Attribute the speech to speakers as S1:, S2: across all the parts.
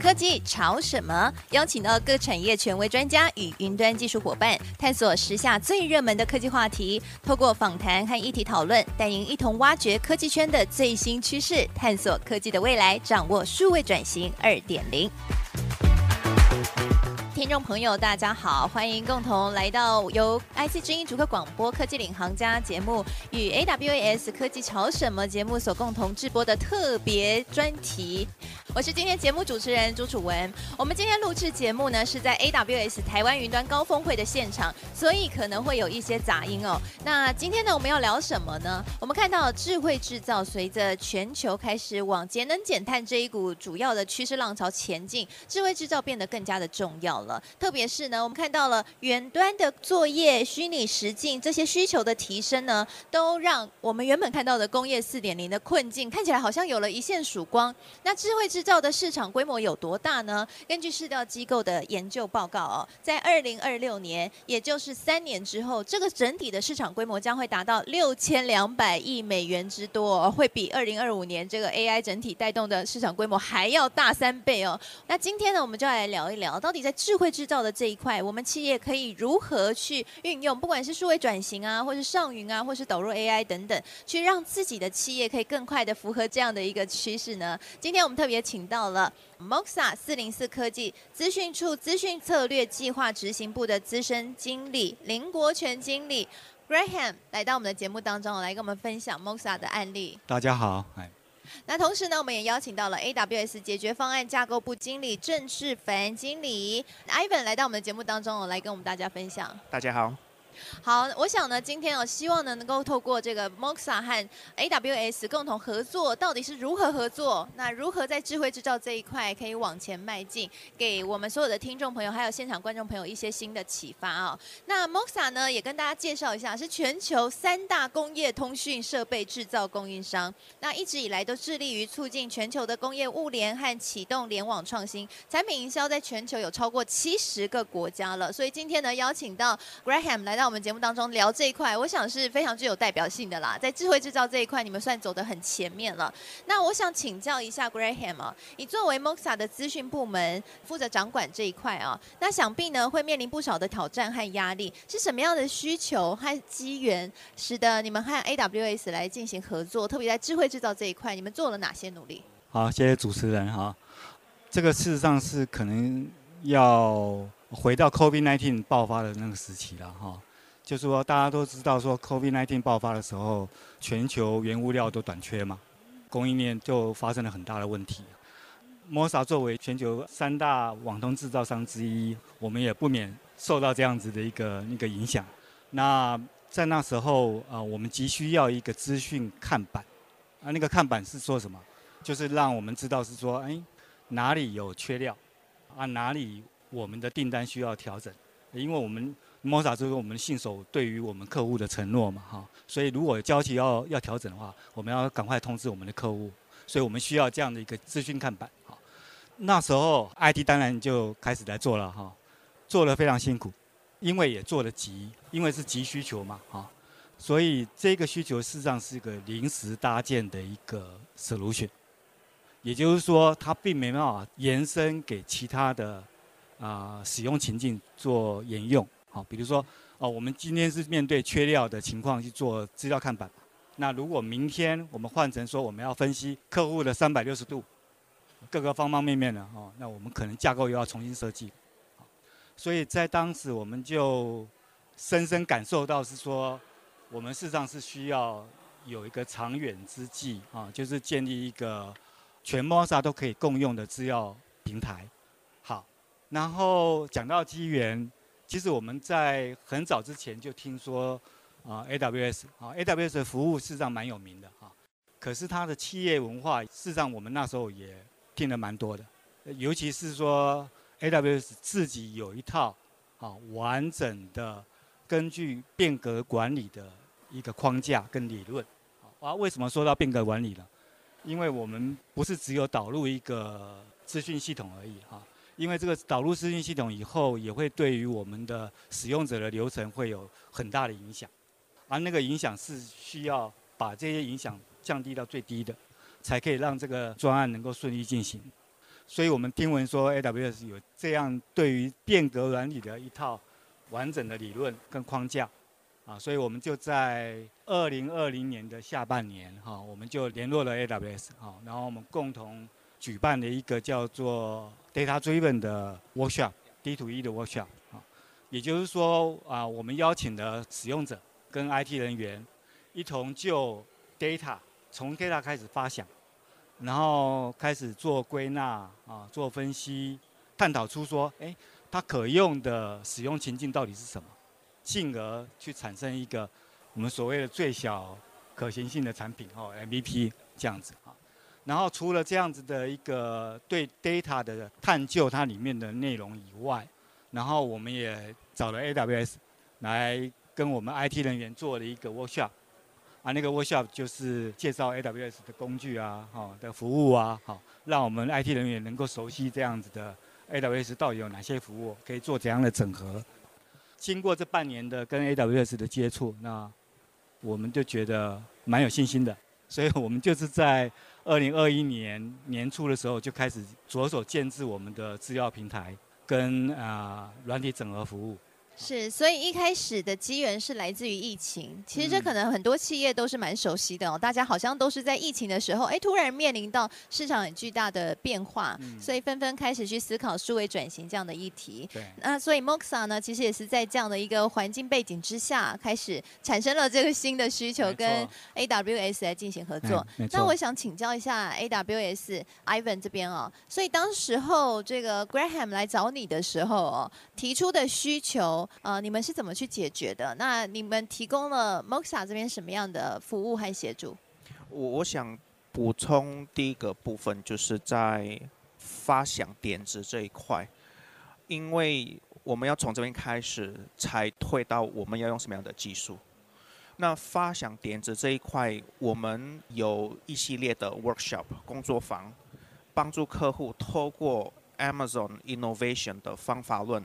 S1: 科技潮什麼？邀請到各產業權威專家與雲端技術夥伴，探索時下最熱門的科技話題。透過訪談和議題討論，帶您一同挖掘科技圈的最新趨勢，探索科技的未來，掌握數位轉型二點零。聽眾朋友，大家好，歡迎共同來到由 IC 之音竹科廣播科技領航家節目與 AWS 科技潮什麼節目所共同制播的特別專題。我是今天節目主持人朱楚文。我們今天錄製節目呢，是在 AWS 台灣雲端高峰會的現場，所以可能會有一些雜音哦。那今天呢，我們要聊什麼呢？我們看到智慧製造隨着全球開始往節能減碳這一股主要的趨勢浪潮前進，智慧製造變得更加的重要了。特別是呢，我們看到了遠端的作業、虛擬實境這些需求的提升呢，都讓我們原本看到的工業四點零的困境看起來好像有了一線曙光。那智慧製。製造的市場規模有多大呢？根據市調機構的研究報告哦，在二零二六年，也就是三年之後，這個整體的市場規模將會達到六千兩百億美元之多，哦，會比二零二五年這個 AI 整體帶動的市場規模還要大三倍哦。那今天呢，我們就要來聊一聊，到底在智慧制造的這一塊，我們企業可以如何去運用，不管是數位轉型啊，或是上雲啊，或是導入 AI 等等，去讓自己的企業可以更快的符合這樣的一個趨勢呢？今天我們特別。請到了 Moxa 四零四科技資訊處資訊策略計劃執行部的資深經理林國全經理，Graham 來到我們的節目當中，來跟我們分享 Moxa 的案例。大家好，那同時呢，我們也邀請到了 AWS 解決方案架構部經理鄭志凡經理，Ivan 來到我們的節目當中，來跟我們大家分享。大家好。好，我想呢，今天哦，希望呢能夠透過這個 Moxa 和 AWS 共同合作，到底是如何合作？那如何在智慧製造這一塊可以往前邁進？給我們所有的聽眾朋友，還有現場觀眾朋友一些新的啟發啊、哦！那 Moxa 呢，也跟大家介紹一下，是全球三大工業通訊設備製造供應商。那一直以來都致力於促進全球的工業物聯和啟動聯網創新。產品營銷在全球有超過七十個國家了。所以今天呢，邀請到 Graham 來到。我們節目當中聊這一塊，我想是非常具有代表性的啦。在智慧製造這一塊，你們算走得很前面了。那我想請教一下 Graham 啊，你作為 Moxa 的資訊部門負責掌管這一塊啊，那想必呢會面臨不少的挑戰和壓力。是什麼樣的需求和機緣，使得你們和 AWS 來進行合作？特別在智慧製造這一塊，你們做了哪些努力？
S2: 好，謝謝主持人哈。這個事實上是可能要回到 COVID-19 爆發的那個時期了哈。就是說，大家都知道，說 COVID-19 爆發的時候，全球原物料都短缺嘛，供應鏈就發生了很大的問題。Moxa 作為全球三大網通製造商之一，我們也不免受到這樣子的一個那個影響。那在那時候啊，我們急需要一個資訊看板啊，那個看板是說什麼？就是讓我們知道是說，哎，哪裡有缺料啊，哪裡我們的訂單需要調整，因為我們。Moxa 就是我們信守對於我們客戶的承諾嘛，哈。所以如果交期要要調整的話，我們要趕快通知我們的客戶。所以我們需要這樣的一個資訊看板，哈。那時候 IT 當然就開始來做了，哈，做了非常辛苦，因為也做得急，因為是急需求嘛，哈。所以這個需求事實上是一個臨時搭建的一個 solution，也就是說它並沒辦法延伸給其他的啊使用情境做沿用。好，比如說，哦，我們今天是面對缺料的情況去做資料看板，那如果明天我們換成說我們要分析客戶的三百六十度各個方方面面的哦，那我們可能架構又要重新設計。所以在當時我們就深深感受到是說，我們事實上是需要有一個長遠之計啊、哦，就是建立一個全 Moxa 都可以共用的資料平台。好，然後講到機緣。其實我們在很早之前就聽說，啊，AWS 啊，AWS 的服務事實上蠻有名的啊。可是它的企業文化事實上我們那時候也聽得蠻多的，尤其是說 AWS 自己有一套啊完整的根據變革管理的一個框架跟理論。啊，為什麼說到變革管理呢？因為我們不是只有導入一個資訊系統而已啊。因為這個導入資訊系統以後，也會對於我們的使用者的流程會有很大的影響，而那個影響是需要把這些影響降低到最低的，才可以讓這個專案能夠順利進行。所以我們聽聞說 A W S 有這樣對於變革管理的一套完整的理論跟框架，啊，所以我們就在二零二零年的下半年，哈，我們就聯絡了 A W S，哈，然後我們共同，舉辦的一個叫做 Data Driven 的 Workshop，D2E 的 Workshop，啊，也就是說啊，我們邀請的使用者跟 IT 人員一同就 Data 從 Data 開始發想，然後開始做歸納啊，做分析，探討出說，誒，它可用的使用情境到底是什麼，進而去產生一個我們所謂的最小可行性的產品哦，MVP 這樣子啊。然後除了這樣子的一個對 data 的探究，它裡面的內容以外，然後我們也找了 AWS 來跟我們 IT 人員做了一個 workshop 啊，那個 workshop 就是介紹 AWS 的工具啊，哈，的服務啊，哈，讓我們 IT 人員能夠熟悉這樣子的 AWS 到底有哪些服務，啊，可以做怎樣的整合。經過這半年的跟 AWS 的接觸，那我們就覺得蠻有信心的。所以我們就是在二零二一年年初的時候，就開始着手建置我們的資料平台跟啊軟體整合服務。
S1: 是，所以一開始的機緣是來自於疫情，其實這可能很多企業都是蠻熟悉的哦，大家好像都是在疫情的時候，哎、欸，突然面臨到市場很巨大的變化，嗯、所以紛紛開始去思考數位轉型這樣的議題。對。那所以 Moxa 呢，其實也是在這樣的一個環境背景之下，開始產生了這個新的需求，跟 AWS 來進行合作。那我想請教一下 AWS Ivan 這邊哦，所以當時候這個 Graham 來找你的時候哦，提出的需求。呃，uh，你們是怎麼去解決的？那你們提供了 Moxa 這邊什麼樣的服務和協助？我我想
S3: 補充第一個部分，就是在發想點子這一塊，因為我們要從這邊開始，才推到我們要用什麼樣的技術。那發想點子這一塊，我們有一系列的 workshop 工作坊，幫助客戶透過 Amazon Innovation 的方法論。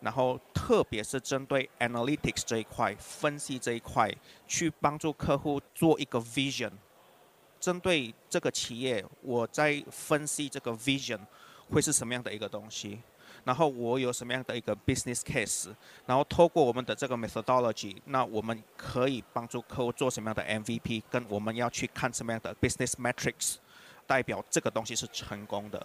S3: 然後，特別是針對 analytics 這一塊、分析這一塊，去幫助客戶做一個 vision。針對這個企業，我在分析這個 vision 會是什麼樣的一個東西，然後我有什麼樣的一個 business case，然後透過我們的這個 methodology，那我們可以幫助客戶做什麼樣的 MVP，跟我們要去看什麼樣的 business metrics，代表這個東西是成功的。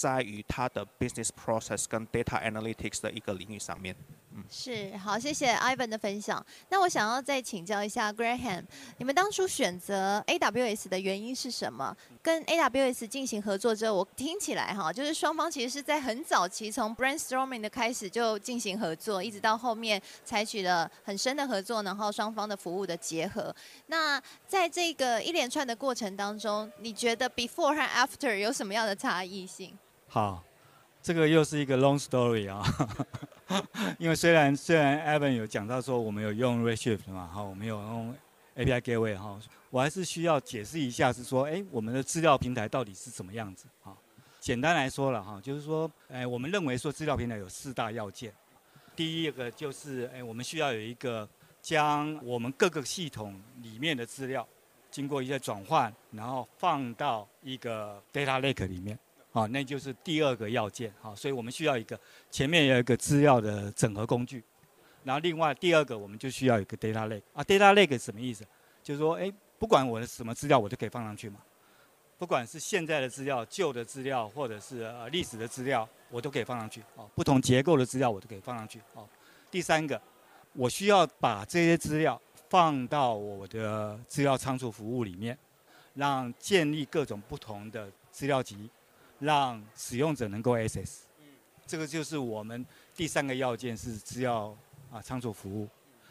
S3: 在於它的 business process 跟 data analytics 的一個領域上面，嗯，
S1: 是好，謝謝 Ivan 的分享。那我想要再請教一下 Graham，你們當初選擇 AWS 的原因是什麼？跟 AWS 進行合作之後，我聽起來哈，就是雙方其實是在很早期從 brainstorming 的開始就進行合作，一直到後面採取了很深的合作，然後雙方的服務的結合。那在這個一連串的過程當中，你覺得 before 和 after 有什麼樣的差異性？
S2: 好，這個又是一個 long story 啊、哦， 因為雖然雖然 Evan 有講到說我們有用 Redshift 嘛，好，我們有用 API Gateway 哈，我還是需要解釋一下是說，哎、欸，我們的資料平台到底是怎麼樣子啊？簡單來說了哈，就是說，哎、欸，我們認為說資料平台有四大要件，第一個就是，哎、欸，我們需要有一個將我們各個系統裡面的資料經過一些轉換，然後放到一個 data lake 裡面。啊，那就是第二個要件啊，所以我們需要一個前面有一個資料的整合工具，然後另外第二個我們就需要一個 data lake 啊，data lake 什麼意思？就是說，哎，不管我的什麼資料，我都可以放上去嘛，不管是現在的資料、舊的資料，或者是呃歷史的資料，我都可以放上去啊。不同結構的資料我都可以放上去啊。第三個，我需要把這些資料放到我的資料倉儲服務裡面，讓建立各種不同的資料集。讓使用者能夠 access，這個就是我們第三個要件是資料啊倉儲服務。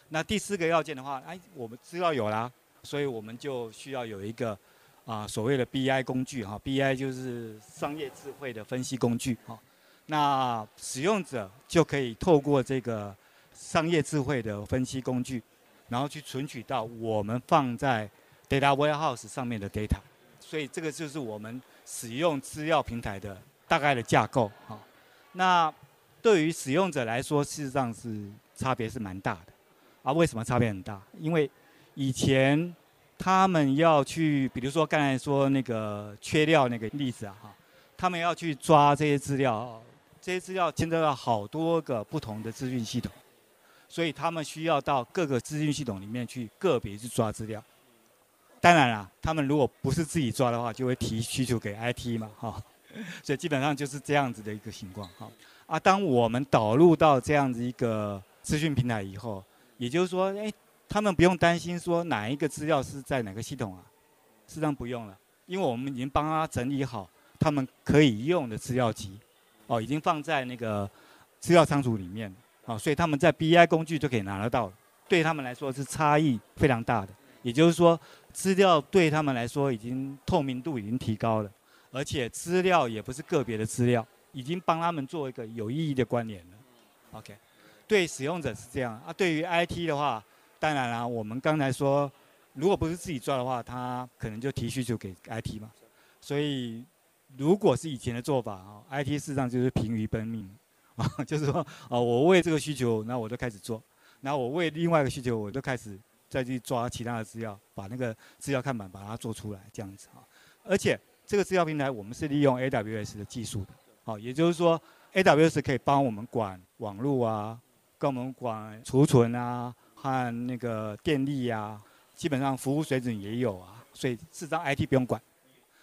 S2: 那第四個要件的話，哎，我們資料有啦，所以我們就需要有一個啊所謂的 BI 工具哈，BI 就是商業智慧的分析工具哈。那使用者就可以透過這個商業智慧的分析工具，然後去存取到我們放在 data warehouse 上面的 data。所以這個就是我們。使用資料平台的大概的架構，哈，那對於使用者來說，事實上是差別是蠻大的，啊，為什麼差別很大？因為以前他們要去，比如說剛才說那個缺料那個例子啊，哈，他們要去抓這些資料，這些資料牽扯到好多個不同的資訊系統，所以他們需要到各個資訊系統裡面去個別去抓資料。當然了，他們如果不是自己抓的話，就會提需求給 IT 嘛，哈、哦。所以基本上就是這樣子的一個情況，哈、哦。啊，當我們導入到這樣子一個資訊平台以後，也就是說，誒，他們不用擔心說哪一個資料是在哪個系統啊，實際上不用了，因為我們已經幫他整理好，他們可以用的資料集，哦，已經放在那個資料倉儲裡面，啊、哦，所以他們在 BI 工具就可以拿得到，對他們來說是差異非常大的，也就是說。資料對他們來說已經透明度已經提高了，而且資料也不是個別的資料，已經幫他們做一個有意義的關聯了。OK，對使用者是這樣啊。對於 IT 的話，當然啦、啊，我們剛才說，如果不是自己做的話，他可能就提需求給 IT 嘛。所以，如果是以前的做法啊，IT 事實上就是疲於奔命啊，就是說啊，我為這個需求，那我就開始做，那我為另外一個需求，我就開始。再去抓其他的資料，把那個資料看板把它做出來，這樣子啊。而且這個資料平台我們是利用 A W S 的技術的，好，也就是說 A W S 可以幫我們管網絡啊，跟我們管儲存啊和那個電力啊，基本上服務水準也有啊，所以這張 I T 不用管。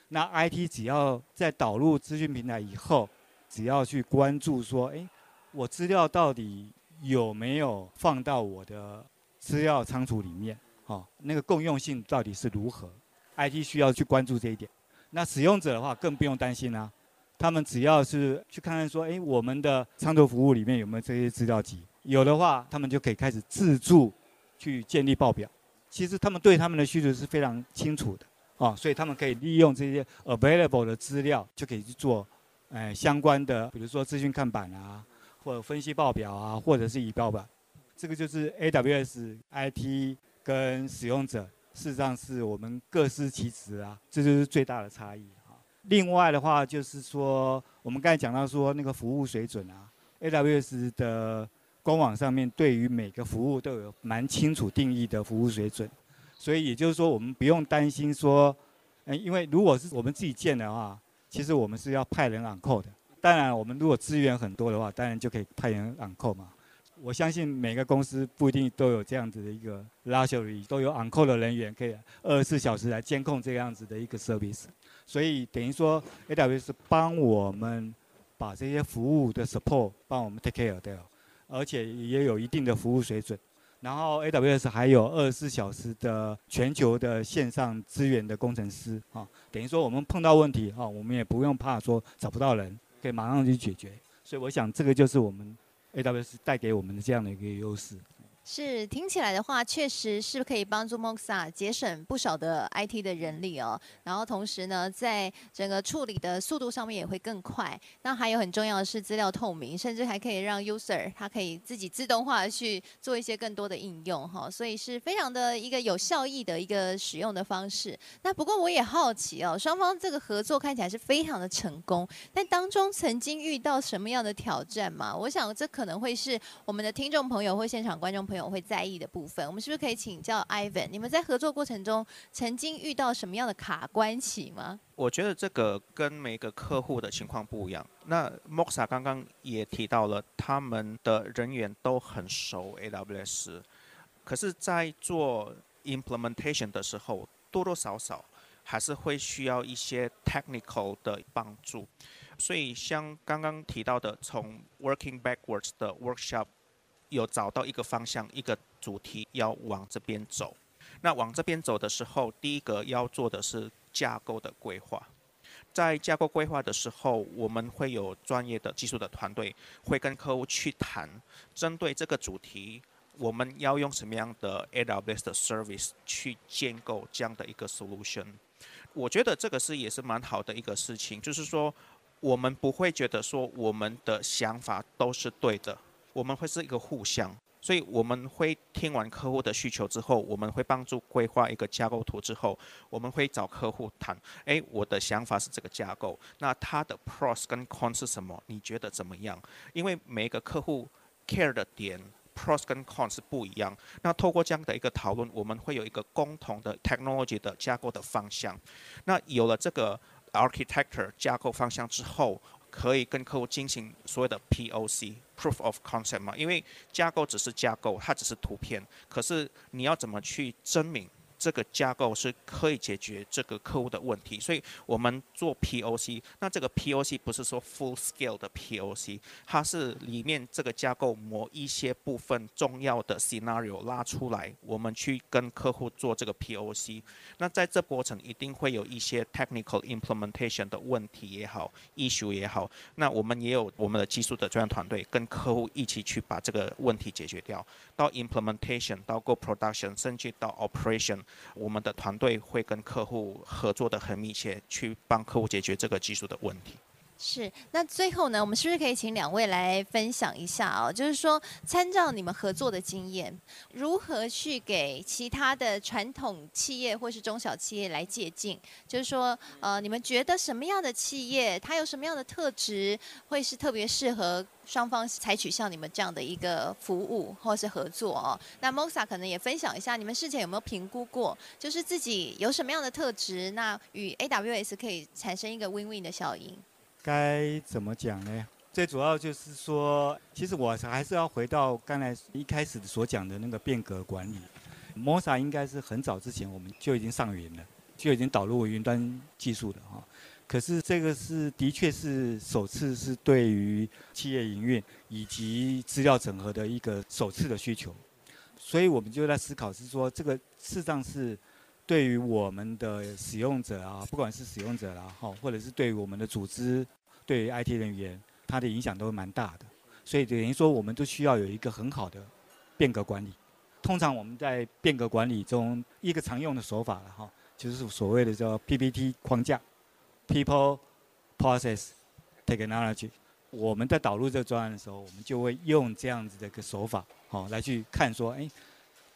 S2: 那 I T 只要在導入資訊平台以後，只要去關注說，哎、欸，我資料到底有沒有放到我的？資料倉儲裡面，哦，那個共用性到底是如何？IT 需要去關注這一點。那使用者的話更不用擔心啦、啊，他們只要是去看看說，哎，我們的倉儲服務裡面有沒有這些資料集，有的話，他們就可以開始自助去建立報表。其實他們對他們的需求是非常清楚的，哦，所以他們可以利用這些 available 的資料就可以去做，誒、呃，相關的，比如說資訊看板啊，或者分析報表啊，或者是儀表板。這個就是 AWS IT 跟使用者，事實上是我們各司其職啊，這就是最大的差異啊。另外的話，就是說我們剛才講到說那個服務水準啊，AWS 的官網上面對於每個服務都有蠻清楚定義的服務水準，所以也就是說我們不用擔心說，嗯，因為如果是我們自己建的話，其實我們是要派人 on-call 的。當然，我們如果資源很多的話，當然就可以派人 on-call 嘛。我相信每個公司不一定都有這樣子的一個 luxury，都有 on call 的人員可以二十四小時來監控這樣子的一個 service，所以等於說 AWS 幫我們把這些服務的 support，幫我們 take care 掉、哦，而且也有一定的服務水準。然後 AWS 還有二十四小時的全球的線上資源的工程師啊、哦，等於說我們碰到問題啊、哦，我們也不用怕說找不到人，可以馬上去解決。所以我想這個就是我們。AWS 帶給我們的這樣的一個優勢。
S1: 是聽起來的話，確實是可以幫助 Moxa 節省不少的 IT 的人力哦。然後同時呢，在整個處理的速度上面也會更快。那還有很重要的是資料透明，甚至還可以讓 User 他可以自己自動化去做一些更多的應用哈。所以是非常的一個有效益的一個使用的方式。那不過我也好奇哦，雙方這個合作看起來是非常的成功，但當中曾經遇到什麼樣的挑戰嗎？我想這可能會是我們的聽眾朋友或現場觀眾朋友有會在意的部分，我們是不是可以請教 Ivan？你們在合作過程中曾經遇到什麼樣的卡關係嗎？
S3: 我覺得這個跟每個客戶的情況不一樣。那 Moxa 剛剛也提到了，他們的人員都很熟 AWS，可是，在做 implementation 的時候，多多少少還是會需要一些 technical 的幫助。所以，像剛剛提到的，從 working backwards 的 workshop。有找到一個方向、一個主題要往這邊走。那往這邊走的時候，第一個要做的是架構的規劃。在架構規劃的時候，我們會有專業的技術的團隊會跟客戶去談，針對這個主題，我們要用什麼樣的 AWS 的 service 去建構這樣的一個 solution。我覺得這個是也是蠻好的一個事情，就是說我們不會覺得說我們的想法都是對的。我們會是一個互相，所以我們會聽完客戶的需求之後，我們會幫助規劃一個架構圖之後，我們會找客戶談，誒、哎，我的想法是這個架構，那它的 pros 跟 cons 是什麼？你覺得怎麼樣？因為每一個客戶 care 的點，pros 跟 cons 是不一樣。那透過這樣的一個討論，我們會有一個共同的 technology 的架構的方向。那有了這個 architecture 架構方向之後，可以跟客戶進行所謂的 POC，proof of concept 嘛，因為架構只是架構，它只是圖片，可是你要怎麼去證明？這個架構是可以解決這個客戶的問題，所以我們做 POC。那這個 POC 不是說 full scale 的 POC，它是裡面這個架構某一些部分重要的 scenario 拉出來，我們去跟客戶做這個 POC。那在這過程一定會有一些 technical implementation 的問題也好，issue 也好，那我們也有我們的技術的專案團隊跟客戶一起去把這個問題解決掉。到 implementation 到 go production，甚至到 operation。我們的團隊會跟客戶合作得很密切，去幫客戶解決這個技術的問題。
S1: 是，那最後呢，我們是不是可以請兩位來分享一下啊、哦？就是說，參照你們合作的經驗，如何去給其他的傳統企業或是中小企業來借鏡。就是說，呃，你們覺得什麼樣的企業，它有什麼樣的特質，會是特別適合雙方採取像你們這樣的一個服務或是合作哦，那 Moxa 可能也分享一下，你們事前有沒有評估過，就是自己有什麼樣的特質，那與 AWS 可以產生一個 win-win 的效應？
S2: 該怎麼講呢？最主要就是說，其實我還是要回到剛才一開始所講的那個變革管理。Moxa 應該是很早之前我們就已經上雲了，就已經導入雲端技術了哈，可是這個是的確是首次是對於企業營運以及資料整合的一個首次的需求，所以我們就在思考是說，這個事實上是。對於我們的使用者啊，不管是使用者然後，或者是對於我們的組織，對於 IT 人員，它的影響都是蠻大的。所以等於說，我們都需要有一個很好的變革管理。通常我們在變革管理中，一個常用的手法然後，就是所謂的叫 PPT 框架：People、Process、Technology。我們在導入這個專案的時候，我們就會用這樣子的一個手法，好來去看說，哎。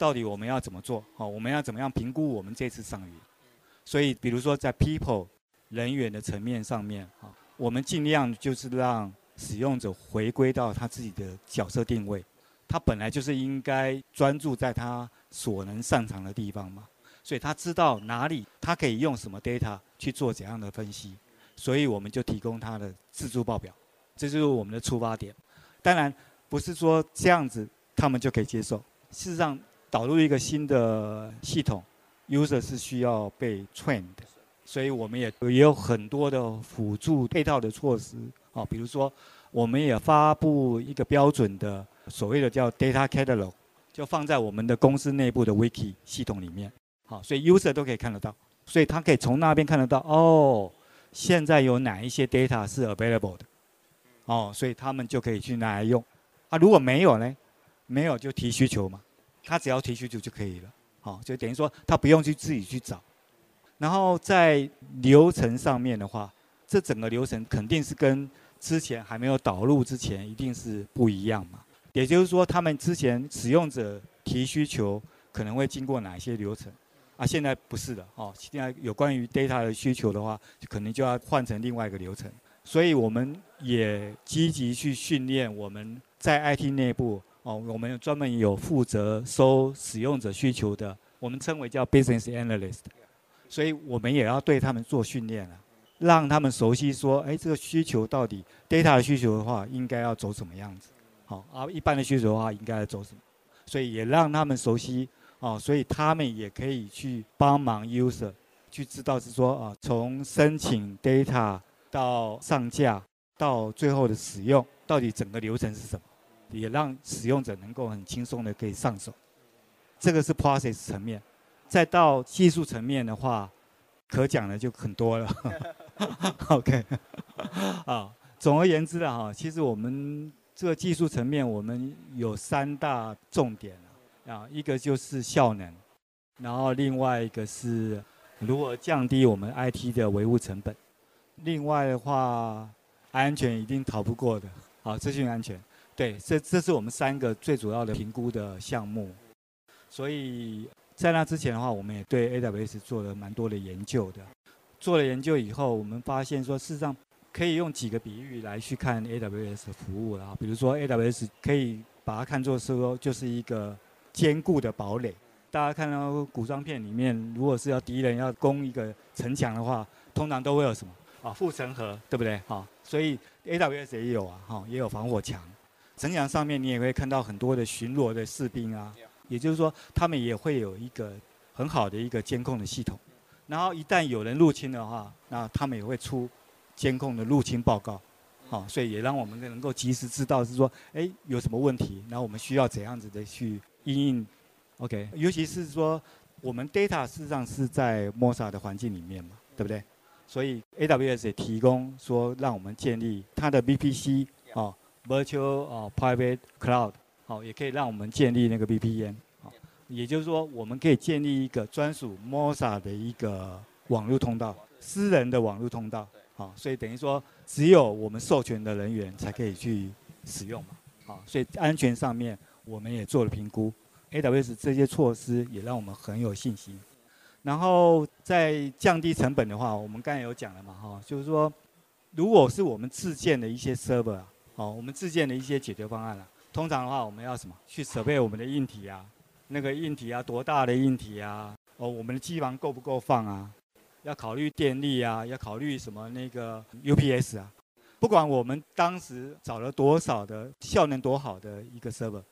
S2: 到底我們要怎麼做？好，我們要怎麼樣評估我們這次上雲？所以，比如說在 people 人員的層面上面啊，我們儘量就是讓使用者回歸到他自己的角色定位，他本來就是應該專注在他所能擅長的地方嘛。所以他知道哪裡他可以用什麼 data 去做怎樣的分析，所以我們就提供他的自助報表，這就是我們的出發點。當然，不是說這樣子他們就可以接受，事實上。導入一個新的系統，user 是需要被 trained 的，所以我們也也有很多的輔助配套的措施啊、哦，比如說我們也發布一個標準的所謂的叫 data catalog，就放在我們的公司內部的 wiki 系統裡面，好、哦，所以 user 都可以看得到，所以他可以從那邊看得到哦，現在有哪一些 data 是 available 的，哦，所以他們就可以去拿來用，啊，如果沒有呢？沒有就提需求嘛。他只要提需求就可以了，好，就等於說他不用去自己去找。然後在流程上面的話，這整個流程肯定是跟之前還沒有導入之前一定是不一樣嘛。也就是說，他們之前使用者提需求可能會經過哪些流程啊？現在不是的，哦，現在有關於 data 的需求的話，就可能就要換成另外一個流程。所以我們也積極去訓練我們在 IT 內部。哦，我們有專門有負責收使用者需求的，我們稱為叫 business analyst，所以我們也要對他們做訓練了，讓他們熟悉說，哎，這個需求到底 data 的需求的話，應該要走什麼樣子，好，啊，一般的需求的話，應該要走什麼，所以也讓他們熟悉，哦，所以他們也可以去幫忙 user 去知道是說，啊，從申請 data 到上架到最後的使用，到底整個流程是什麼。也讓使用者能夠很輕鬆的可以上手，這個是 process 層面，再到技術層面的話，可講的就很多了。 OK，啊，總而言之的哈，其實我們這個技術層面我們有三大重點啊，一個就是效能，然後另外一個是如何降低我們 IT 的維護成本，另外的話，安全一定逃不過的，啊，資訊安全。對，這這是我們三個最主要的評估的項目，所以在那之前的話，我們也對 AWS 做了蠻多的研究的。做了研究以後，我們發現說，事實上可以用幾個比喻來去看 AWS 的服務了。比如說，AWS 可以把它看作是說，就是一個堅固的堡壘。大家看到古裝片裡面，如果是要敵人要攻一個城牆的話，通常都會有什麼啊？哦、護城河，對不對？哈，所以 AWS 也有啊，哈，也有防火牆。城牆上面，你也會看到很多的巡邏的士兵啊。也就是說，他們也會有一個很好的一個監控的系統。然後，一旦有人入侵的話，那他們也會出監控的入侵報告。好，所以也讓我們能夠及時知道，是說，誒有什麼問題，那我們需要怎樣子的去因應。OK，尤其是說，我們 data 事實上是在 Moxa 的環境裡面嘛，對不對？所以 AWS 也提供說，讓我們建立它的 VPC 啊。Virtual Private Cloud 好，也可以讓我們建立那個 VPN 也就是說，我們可以建立一個專屬 Moxa 的一個網絡通道，私人的網絡通道，好，所以等於說只有我們授權的人員才可以去使用嘛，好，所以安全上面我們也做了評估，AWS 這些措施也讓我們很有信心。然後在降低成本的話，我們剛才有講了嘛，哈，就是說如果是我們自建的一些 Server。哦，我們自建的一些解決方案了，啊。通常的話，我們要什麼？去設備我們的硬體啊，那個硬體啊，多大的硬體啊？哦，我們的機房夠不夠放啊？要考慮電力啊，要考慮什麼那個 UPS 啊？不管我們當時找了多少的效能多好的一個 server，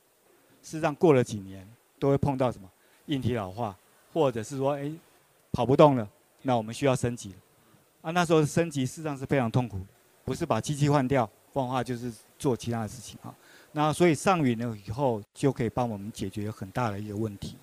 S2: 事實上過了幾年都會碰到什麼硬體老化，或者是說哎跑不動了，那我們需要升級。啊，那時候升級事實上是非常痛苦，不是把機器換掉。不然的話就是做其他的事情啊。那所以上雲了以後就可以幫我們解決很大的一個問題。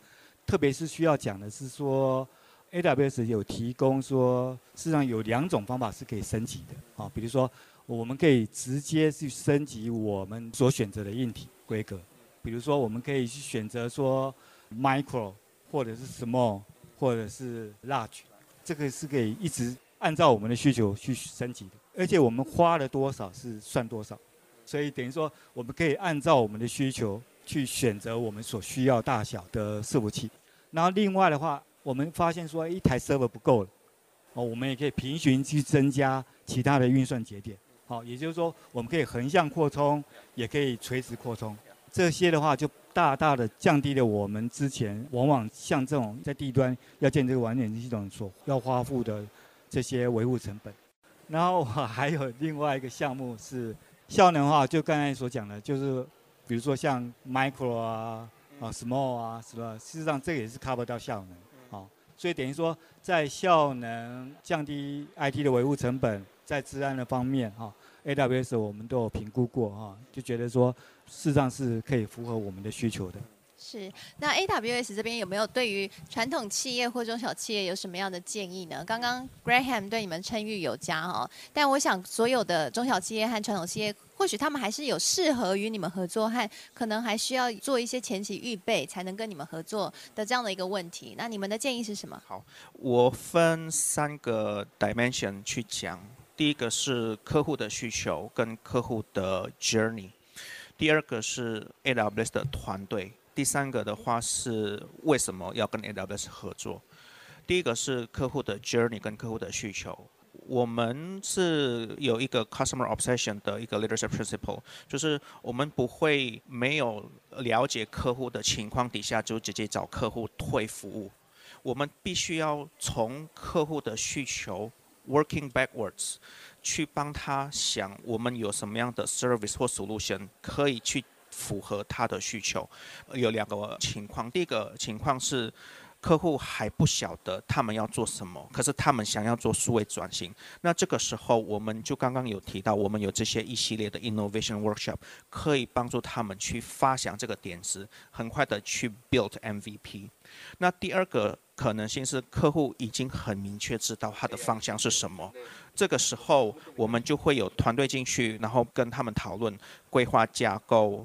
S2: 特別是需要講的是說，AWS 有提供說，實際上有兩種方法是可以升級的啊。比如說，我們可以直接去升級我們所選擇的硬體規格。比如說，我們可以去選擇說 micro 或者是 small 或者是 large，這個是可以一直按照我們的需求去升級的。而且我們花了多少是算多少，所以等於說，我們可以按照我們的需求去選擇我們所需要大小的伺服器。然後另外的話，我們發現說一台 server 不夠了，哦，我們也可以平行去增加其他的運算節點。好，也就是說，我們可以橫向擴充，也可以垂直擴充。這些的話，就大大的降低了我們之前往往像這種在地端要建這個網點系統所要花費的這些維護成本。然後我還有另外一個項目是效能的話，就剛才所講的，就是比如說像 micro 啊、啊 small 啊什麼，事實上這個也是 cover 到效能，啊，所以等於說，在效能降低 IT 的維護成本，在資安的方面哈，AWS 我們都有評估過哈，就覺得說事實上是可以符合我們的需求的。
S1: 是，那 AWS 這邊有沒有對於傳統企業或中小企業有什麼樣的建議呢？剛剛 Graham 對你們稱譽有加哦，但我想所有的中小企業和傳統企業，或許他們還是有適合與你們合作，和可能還需要做一些前期預備才能跟你們合作的這樣的一個問題。那你們的建議是什麼？好，
S3: 我分三個 dimension 去講。第一個是客戶的需求跟客戶的 journey，第二個是 AWS 的團隊。第三個的話是為什麼要跟 AWS 合作？第一個是客戶的 journey 跟客戶的需求。我們是有一個 customer obsession 的一個 leadership principle，就是我們不會沒有了解客戶的情況底下就直接找客戶推服務。我們必須要從客戶的需求 working backwards 去幫他想，我們有什麼樣的 service 或 solution 可以去。符合他的需求，有兩個情況。第一個情況是客戶還不曉得他們要做什麼，可是他們想要做數位轉型。那這個時候，我們就剛剛有提到，我們有這些一系列的 innovation workshop，可以幫助他們去發想這個點子，很快的去 build MVP。那第二個可能性是客戶已經很明確知道他的方向是什麼，這個時候我們就會有團隊進去，然後跟他們討論規劃架構。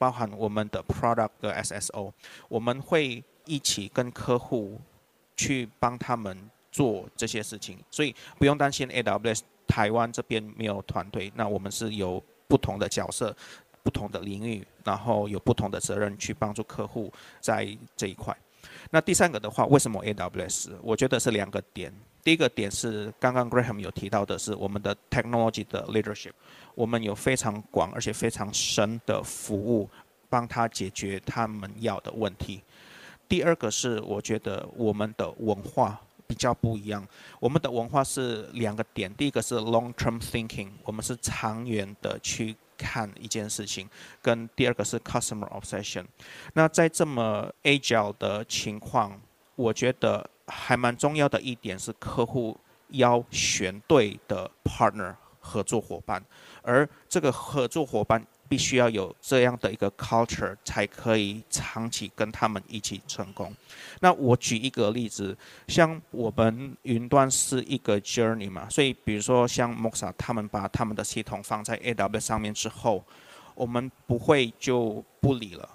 S3: 包含我們的 product 和 SSO，我們會一起跟客戶去幫他們做這些事情，所以不用擔心 AWS 台灣這邊沒有團隊，那我們是有不同的角色、不同的領域，然後有不同的責任去幫助客戶在這一塊。那第三個的話，為什麼 AWS？我覺得是兩個點。第一個點是，剛剛 Graham 有提到的是我們的 technology 的 leadership，我們有非常廣而且非常深的服務，幫他解決他們要的問題。第二個是，我覺得我們的文化比較不一樣，我們的文化是兩個點，第一個是 long-term thinking，我們是長遠的去看一件事情，跟第二個是 customer obsession。那在這麼 agile 的情況，我覺得。還蠻重要的一點是，客戶要選對的 partner 合作夥伴，而這個合作夥伴必須要有這樣的一個 culture，才可以長期跟他們一起成功。那我舉一個例子，像我們雲端是一個 journey 嘛，所以比如說像 Moxa 他們把他們的系統放在 AWS 上面之後，我們不會就不理了，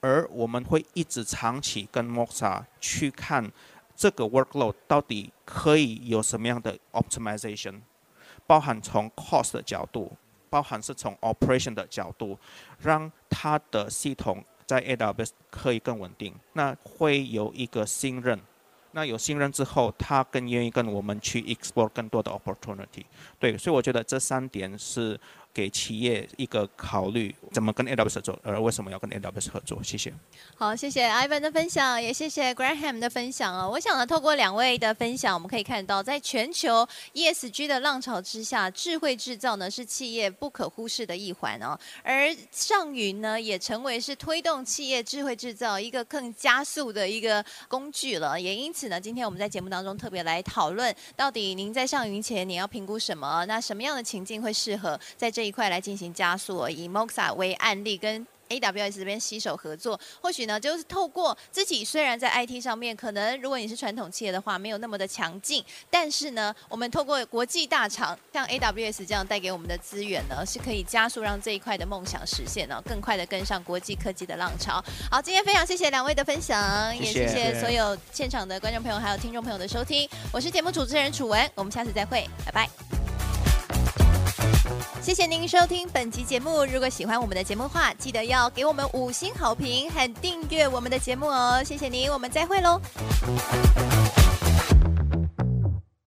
S3: 而我們會一直長期跟 Moxa 去看。這個 workload 到底可以有什麼樣的 optimization？包含從 cost 的角度，包含是從 operation 的角度，讓它的系統在 AWS 可以更穩定。那會有一個信任，那有信任之後，他更願意跟我們去 explore 更多的 opportunity。對，所以我覺得這三點是。給企業一個考慮，怎麼跟 AWS 合作？而為什麼要跟 AWS 合作？謝謝。
S1: 好，謝謝 Ivan 的分享，也謝謝 Graham 的分享哦。我想呢，透過兩位的分享，我們可以看到，在全球 ESG 的浪潮之下，智慧製造呢是企業不可忽視的一環哦。而上雲呢，也成為是推動企業智慧製造一個更加速的一個工具了。也因此呢，今天我們在節目當中特別來討論，到底您在上雲前你要評估什麼？那什麼樣的情境會適合在這？一塊來進行加速，以 Moxa 為案例，跟 AWS 這邊攜手合作，或許呢，就是透過自己雖然在 IT 上面，可能如果你是傳統企業的話，沒有那麼的強勁，但是呢，我們透過國際大廠，像 AWS 這樣帶給我們的資源呢，是可以加速讓這一塊的夢想實現呢，更快的跟上國際科技的浪潮。好，今天非常謝謝兩位的分享，也謝謝所有現場的觀眾朋友還有聽眾朋友的收聽，我是節目主持人楚文，我們下次再會，拜拜。謝謝您收聽本期節目。如果喜歡我們的節目的話，記得要給我們五星好評，和訂閱我們的節目哦。謝謝您，我們再會嘍。